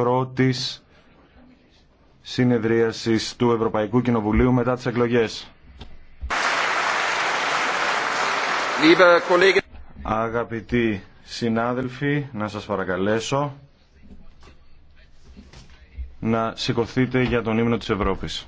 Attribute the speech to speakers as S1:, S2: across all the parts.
S1: πρώτης συνεδρίασης του Ευρωπαϊκού Κοινοβουλίου μετά τις εκλογές. Αγαπητοί συνάδελφοι, να σας παρακαλέσω να σηκωθείτε για τον ύμνο της Ευρώπης.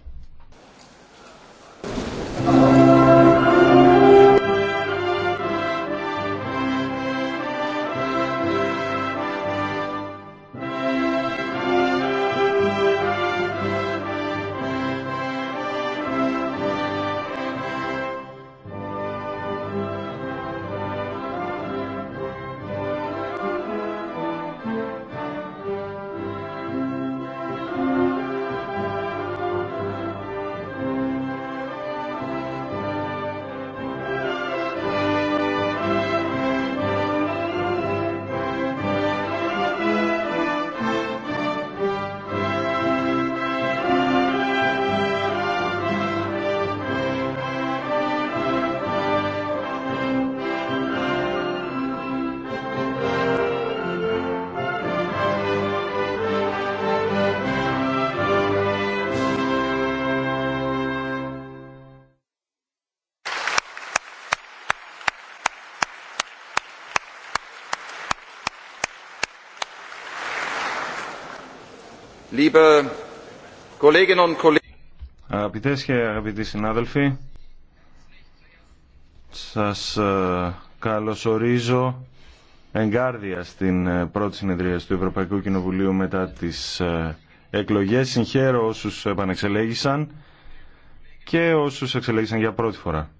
S2: Liebe Kolleginnen und
S1: Kollegen. και αγαπητοί συνάδελφοι, σας ε, καλωσορίζω εγκάρδια στην ε, πρώτη συνεδρία του Ευρωπαϊκού Κοινοβουλίου μετά τις ε, εκλογές. Συγχαίρω όσους επανεξελέγησαν και όσους εξελέγησαν για πρώτη φορά.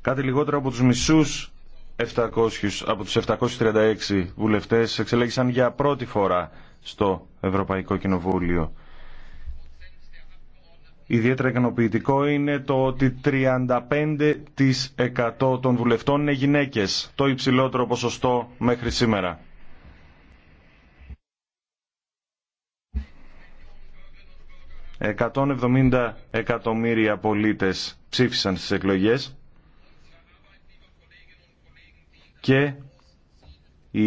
S1: Κάτι λιγότερο από τους μισούς 700, από τους 736 βουλευτές εξελέγησαν για πρώτη φορά στο Ευρωπαϊκό Κοινοβούλιο. Ιδιαίτερα ικανοποιητικό είναι το ότι 35% των βουλευτών είναι γυναίκες, το υψηλότερο ποσοστό μέχρι σήμερα. «170 εκατομμύρια πολίτες ψήφισαν στις εκλογές και η